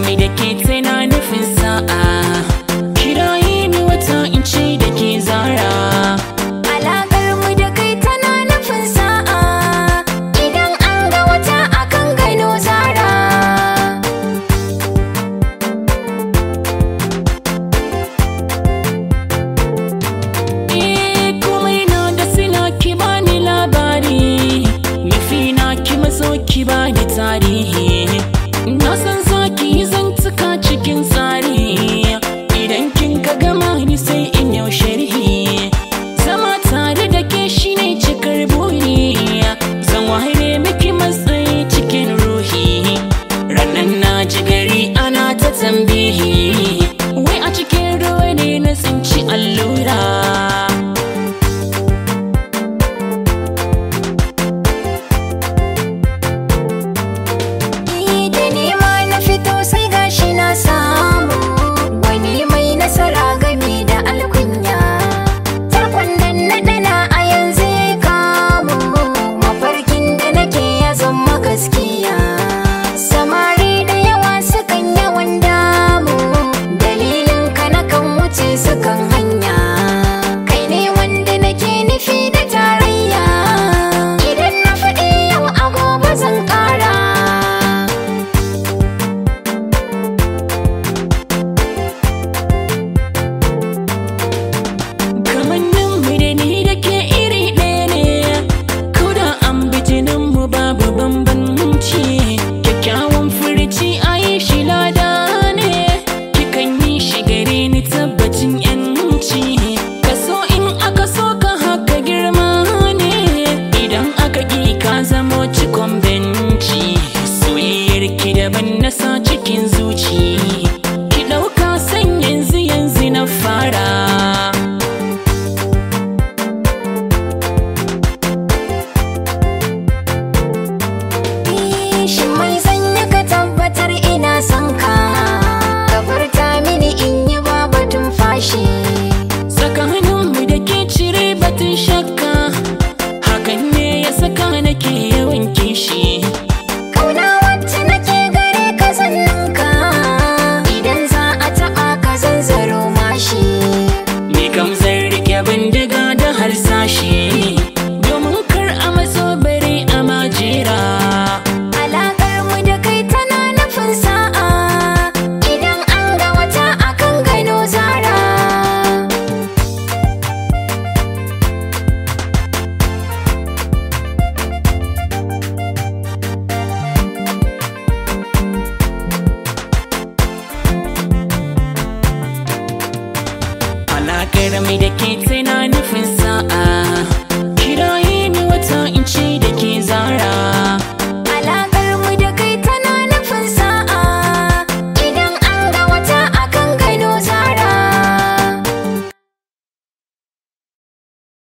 me, they Girl, I made they kids not say nothing.